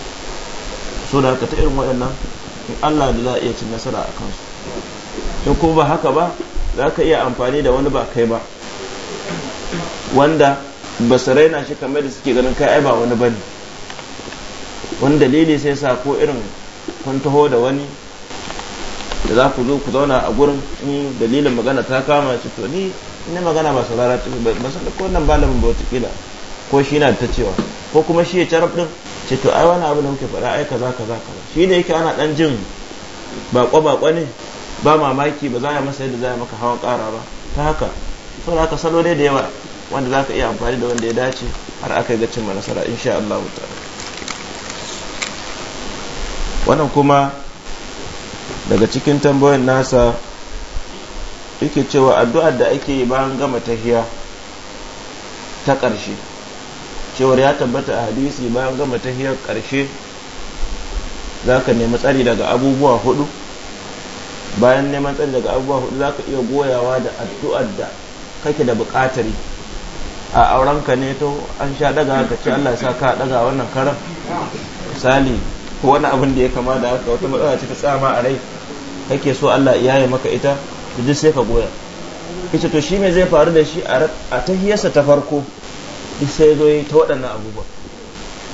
so da ka ta irin waɗannan in allah da za a iya cin nasara a kansu in ko ba haka ba za ka iya amfani da wani ba kai ba wanda ba su raina shi kamar da suke ganin kai ai ba wani ba ne. wani dalili sai sa ko irin kun da wani da za ku zo ku zauna a gurin in dalilin magana ta kama shi to ni ina magana ba saurara ta ba masu ko nan balamin ba wata ko shi na ta cewa ko kuma shi ya carab din ce to ai wani abu da muke faɗa ai kaza kaza kaza shi ne yake ana dan jin bako bako ne ba mamaki ba za a masa yadda za a maka hawan ƙara ba ta haka saboda haka salo ne da yawa wanda za ka iya amfani da wanda ya dace har aka yi ga cimma nasara insha Allah ta'ala wannan kuma daga cikin tambayoyin nasa yake cewa addu'ar da ake yi bayan gama tahiya ta ƙarshe cewar ya tabbata a hadisi bayan gama tahiyar ƙarshe za ka nemi tsari daga abubuwa hudu bayan neman tsari daga abubuwa hudu za ka iya goyawa da addu'ar da kake da buƙatari a aurenka ne to an sha daga ka ce Allah sa ka daga wannan karam misali ko wani abin da ya kama da haka wata matsala ce ta tsama a rai kake so Allah ya yi maka ita da duk sai ka goya ita to shi me zai faru da shi a tahiyarsa ta farko duk sai zo yi ta waɗannan abubuwa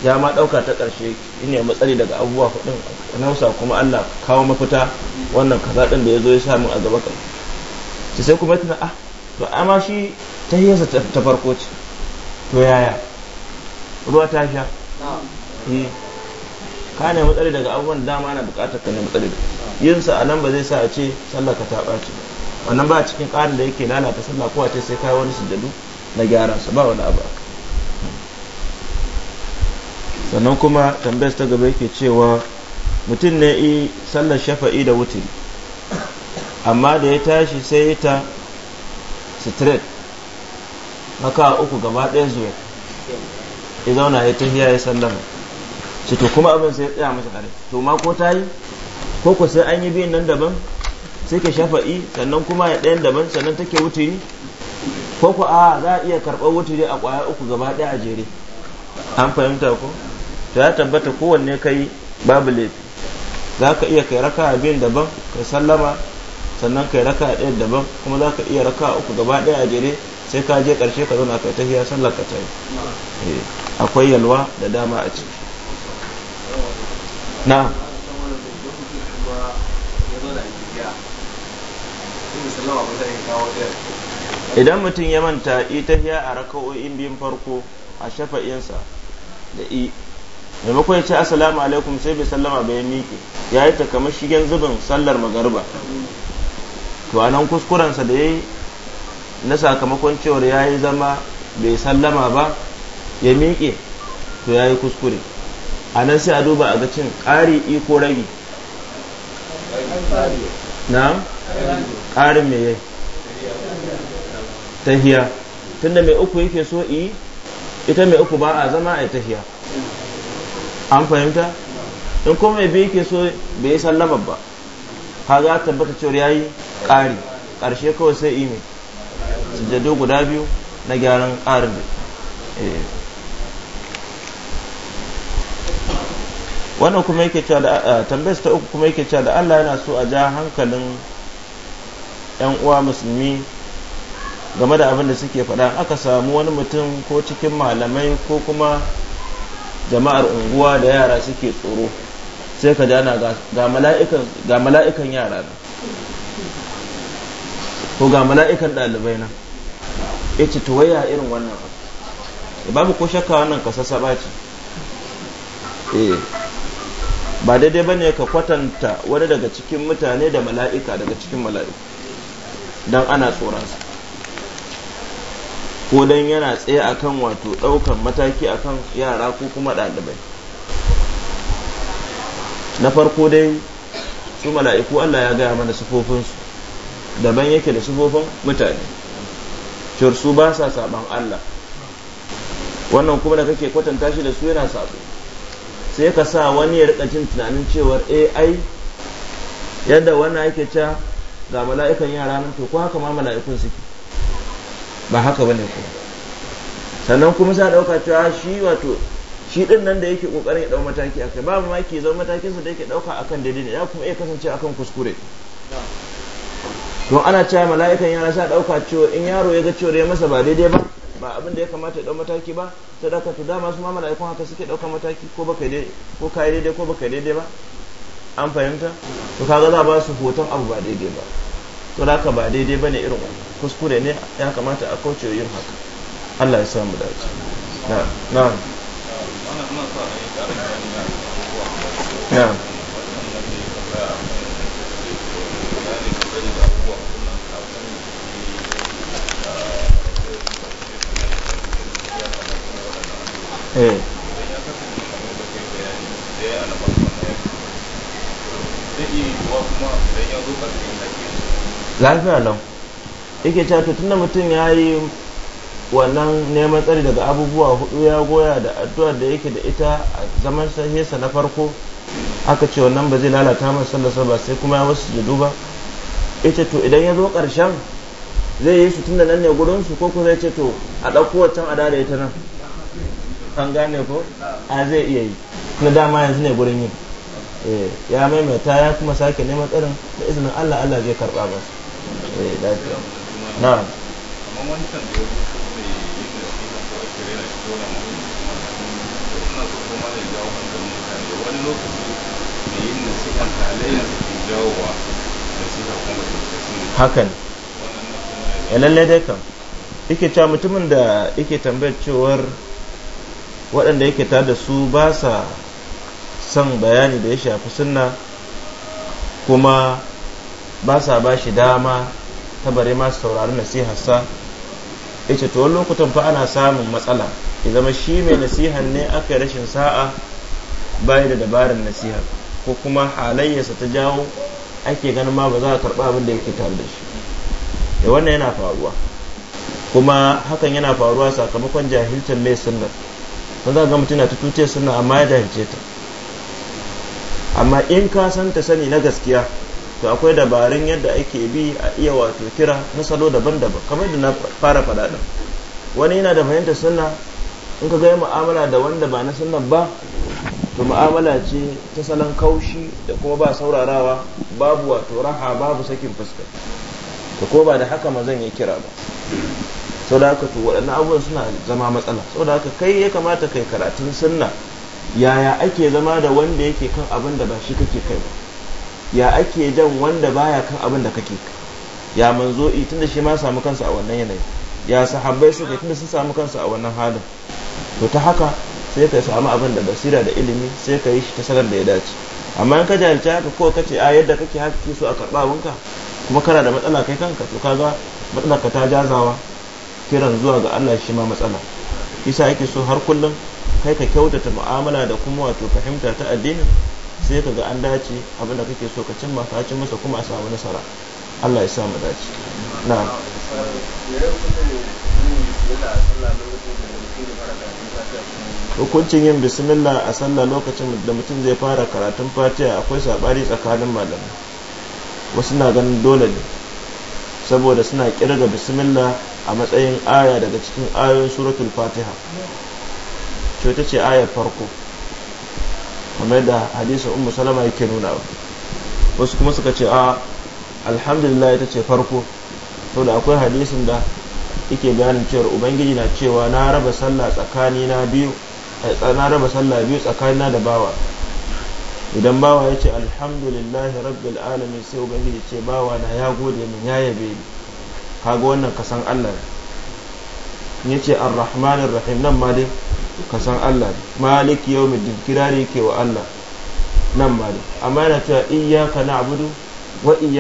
ya ma ɗauka ta ƙarshe ina matsali daga abubuwa kuɗin nausa kuma Allah kawo mafita wannan kaza ɗin da ya zo ya samu a gaba kan sai kuma tana ah to amma shi tahiyarsa ta farko ce to yaya ruwa ta sha eh. ka ne matsari daga abubuwan dama ana bukatar ka ne matsari yin sa a nan ba zai sa a ce sallah ka ta ɓaci wannan ba cikin ƙarin da yake lalata sallah ko a ce sai kai wani sujadu na gyara su ba wani abu sannan kuma tambayar ta gaba yake cewa mutum ne yi sallar shafa'i da wuturi amma da ya tashi sai ta straight maka uku gaba ɗaya zuwa ya zauna ya tafiya ya sallama sai to kuma abin sai ya tsaya masa kare to ma ko ta yi ko ko sai an yi biyan nan daban sai ke shafa'i sannan kuma ya ɗayan daban sannan take wuturi ko ko a za a iya karɓar wuturi a ƙwaya uku gaba ɗaya a jere an fahimta ko to ya tabbata kowanne kai babu laifi za ka iya kai raka biyan daban ka sallama sannan kai raka ɗaya daban kuma za ka iya raka uku gaba ɗaya a jere sai ka je ƙarshe ka zauna kai hiya sallar ka ta yi eh, akwai yalwa da dama a ciki na idan mutum ya manta ita hiya a raka'o'in biyun farko a shafa'insa da i maimakon ya ce assalamu alaikum sai bai sallama bai miƙe ya yi ta kamar shigen zubin sallar magarba to a nan kuskurensa da ya yi na sakamakon cewar ya yi zama bai sallama ba ya miƙe to ya yi kuskure a nan sai a duba a ga cin ƙari iko rabi na ƙarin mai yai tahiya tunda mai uku yake so yi ita mai uku ba a zama a tahiya an fahimta in kuma mai biyu yake so bai yi sallama ba ha za tabbata cewar yi ƙari ƙarshe kawai sai mai sujjado guda biyu na gyaran ƙarin da eh. wannan kuma yake cewa eh, tambayar ta uku kuma yake cewa da Allah yana so a ja hankalin yan uwa musulmi game da abin da suke faɗa aka samu wani mutum ko cikin malamai ko kuma jama'ar unguwa da yara suke tsoro sai ka jana ga mala'ikan yara na ko ga mala'ikan ɗalibai na ita tuwaya irin wannan ba babu ko shakka wannan kasasa ba ce eh. ba daidai ba ne ka kwatanta wani daga cikin mutane da mala'ika daga cikin mala'iku don ana tsoransa ko don yana tsaye a kan wato ɗaukan mataki a kan yara ko kuma ɗalibai na farko dai su mala'iku Allah ya gaya mana sufofinsu daban yake da sufofin mutane cursu su ba sa saban Allah wannan kuma da kake kwatanta shi da su yana sabo sai ka sa wani ya rika jin tunanin cewar eh, ai yadda wannan ake ca ga mala'ikan yara nan to ko haka ma mala'ikun suke ba haka bane ko sannan kuma sa dauka cewa shi wato shi din nan da yake kokarin ya dau mataki akai ba yake zama matakinsa da yake dauka akan daidai ne ya kuma iya kasance akan kuskure to ana cewa mala'ikan yara sa dauka cewa in yaro ya ga cewa ya masa ba daidai ba ba abin da ya kamata ya dau mataki ba sai da to dama su ma mala'ikun haka suke daukan mataki ko baka dai ko kai daidai ko baka daidai ba an fahimta to kaga za ba su hoton abu ba daidai ba to haka ba daidai bane irin wannan kuskure ne ya kamata a kauce yin haka Allah ya samu dace na na na Eh. lafiya lau yake cewa to tunda mutum ya yi wannan neman tsari daga abubuwa hudu ya goya da addu'ar da yake da ita a zaman sahihsa na farko aka ce wannan ba zai lalata masa sallarsa ba sai kuma ya wasu judu ba ita to idan ya zo karshen zai yi su tunda nan ne gurin su ko kuma zai ce to a ɗauko wancan a ita nan an gane ko a zai iya yi na dama yanzu ne gurin yi eh, ya maimaita ya kuma sake neman tsarin da izinin Allah Allah zai karba ba na hakan ya eh, lallai dai kam ike cewa mutumin da ike tambayar cewar waɗanda yake tare da su ba sa son bayani da ya shafi sunna kuma ba sa ba shi dama ta bare masu saurari nasiharsa ya ce tuwon lokutan fa ana samun matsala ya zama shi mai nasihar ne aka yi rashin sa'a bayi da dabarin nasihar ko kuma halayyarsa ta jawo ake ganin ma ba za a karɓa abin da yake tare da shi ya wannan yana faruwa kuma hakan yana faruwa sakamakon jahilcin mai sunnar ba za ga mutum na tututiyar suna amma ya dahince ta amma in ka san ta sani na gaskiya to akwai dabarun yadda ake bi a iya wato kira na salo daban-daban kamar da na fara fada wani yana da fahimtar sunna in ka gaya mu'amala da wanda ba na sunnan ba to mu'amala ce ta salon kaushi da kuma ba saurarawa babu wato raha babu sakin fuska to ko ba da haka ma zan yi kira ba sau da haka to waɗannan abubuwan suna zama matsala sau da haka kai ya kamata kai karatun sunna yaya ake zama da wanda yake kan abin da ba shi kake kai ba ya ake jan wanda baya kan abin da kake ya manzo tun da shi ma samu kansa a wannan yanayi ya sahabbai suka tun da sun samu kansa a wannan halin to ta haka sai ka samu abin da basira da ilimi sai ka yi shi ta sanar da ya dace amma in ka jahilci haka ko ka ce a yadda kake haka so a karɓa wanka kuma kana da matsala kai kanka to kaga matsalar ka ta jazawa kiran zuwa ga Allah shi ma matsala isa yake so har kullum kai ka kyautata mu'amala da kuma wato fahimta ta addinin sai ka ga an dace abin da kake so ka cimma ka cimma masa kuma a samu nasara Allah ya sa mu dace na'am hukuncin yin bismillah a sallah lokacin da mutum zai fara karatun fatiha akwai sabari tsakanin malamai wasu na ganin dole ne saboda suna kirga bismillah a matsayin aya daga cikin ayoyin suratul fatiha ce ta ce ayar farko kamar da hadisin ummu salama yake nuna wasu kuma suka ce a alhamdulillah ita ce farko saboda akwai hadisin da yake bayanin cewar ubangiji na cewa na raba sallah tsakani na biyu eh, na raba sallah biyu tsakanina da bawa idan bawa ya ce alhamdulillahi rabbil alamin sai ubangiji ce bawa na ya gode min ya yabe ni kaga wannan kasan Allah ne yace ce rahmanir rahim nan ma dai kasan Allah ne maliki yawmiddin ne ke wa Allah nan ma dai amma yana cewa na abudu wa stain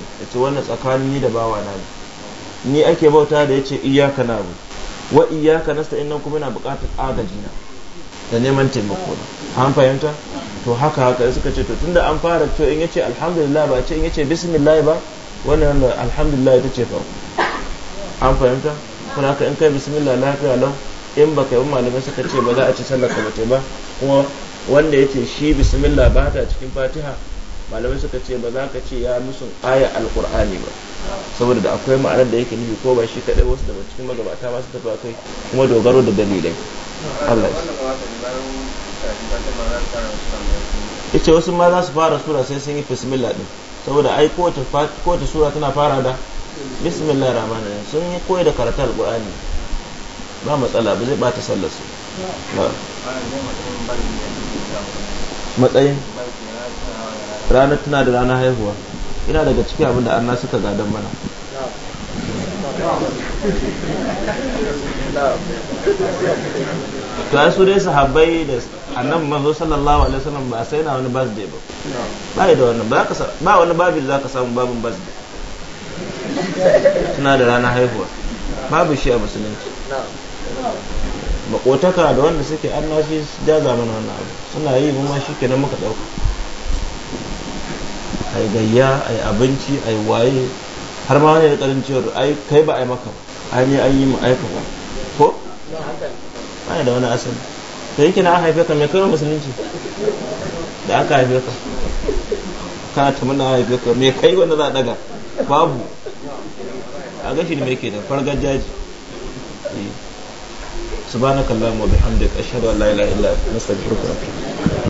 ya ce wannan tsakanin ni da bawa na ne ni ake bauta da ya ce iyaka na na'budu wa na stain nan kuma yana buƙatar agaji na da neman taimako na an fahimta to haka haka suka ce to tunda an fara to in yace alhamdulillah ba ce in yace bismillah ba wannan alhamdulillah ita ce farko an fahimta kuna ka in kai bismillah lafiya lau in baka yi malamai suka ce ba za a ci sallar ka bata ba kuma wanda ya ce shi bismillah ba ta cikin fatiha malamai suka ce ba za ka ce ya musu aya alkur'ani ba saboda da akwai ma'anar da yake nufi ko ba shi kadai wasu daga cikin magabata masu tafa kai kuma dogaro da dalilai Allah ya ce wasu ma za su fara sura sai sun yi bismillah din saboda ai kowace kowace sura tana fara da bismillah rahman rahim sun yi koyi da karatun alqur'ani ba matsala ba zai bata sallar su matsayin ranar tana da ranar haihuwa ina daga cikin abin da anna suka gadon mana to su dai sahabbai da annabi manzo sallallahu alaihi wasallam ba sai na wani birthday ba ba da wannan ba ka ba wani babin zaka samu babin birthday suna da rana haihuwa babu shi a musulunci makotaka da wanda suke annashi da zamanin wannan abu suna yi mu ma shi kenan muka dauka ai gayya ai abinci ai waye har ma wani da karin cewar ai kai ba ai maka ba ai ne an yi mu aika ko ba da wani asali ka yi kina an haife ka mai kai musulunci da aka haife ka kana ta muna haife ka mai kai wanda za a daga babu a gashi da mai ke da fargar jaji eh. subhanakallahumma wa bihamdika ashhadu an la ilaha illa anta astaghfiruka wa atubu